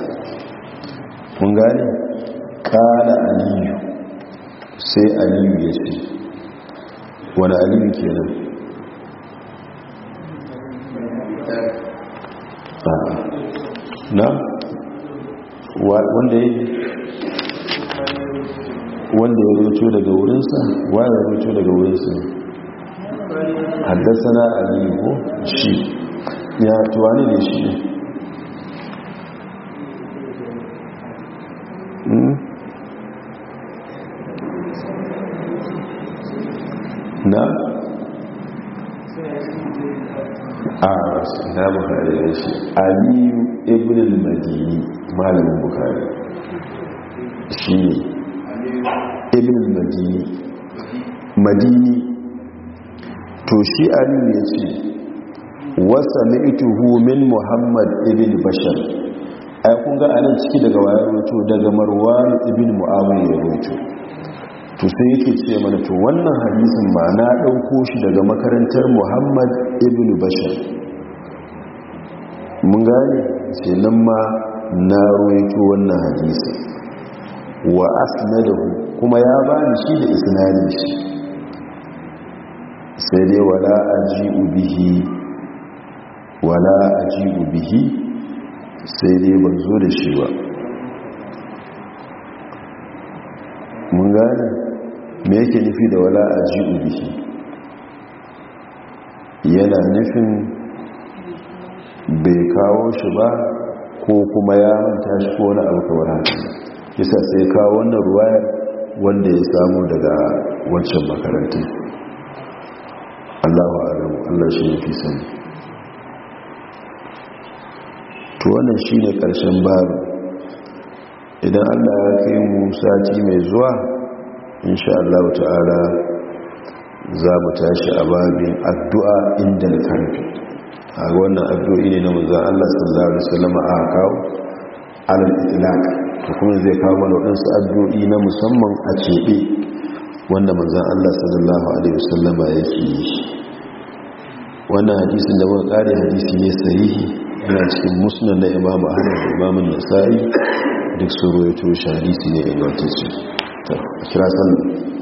kun gane kana aliyu sai aliyu ya ce wani aliyu kenan na wanda ya wanda ya rucu daga wurinsa wa ya rucu daga wurinsa haddasana aliyu ko shi ya tuwa ne shi hmm? na a na bukari ya shi aliyu ibn al-madini malamin bukari shi ne ibn madini madini to shi Ali ya ce wasa na ituhu min muhammad ibn bashar ai kun ga anan ciki daga wayar wato daga marwan ibn mu'awiyah ya wato to sai yake ce mana to wannan hadisin ma na dauko shi daga makarantar muhammad ibn bashar mun gane ce nan ma na rawaito wannan hadisin wa asnadahu kuma ya bani shi da isnadin shi sai dai wala aji'u bihi wala aji'u bihi sai dai ban zo da shi ba mun gane me yake nufi da wala aji'u bihi yana nufin bai kawo shi ba ko kuma ya manta shi ko wani abu kawar yasa sai kawo wannan ruwayar wanda ya samu daga wancan makaranta allahu alamu allah shi ne fi sani to wannan shi ne ƙarshen babu idan allah ya kai mu sati mai zuwa insha allahu ta'ala za mu tashi a babin addu'a inda na karfi a wannan addu'o'i ne na manzan allah sallallahu alaihi wasallam a kawo alal itilaka ta kuma zai kawo mana waɗansu addu'o'i na musamman a keɓe wanda manzan Allah sallallahu Alaihi wasallama ke yi wannan hadisin da wani ƙari hadisi ne sahihi yana cikin musnan na imamu ahmad hannun imamun nasari duk sun roya toshe hadisi ne ingantacce ta kira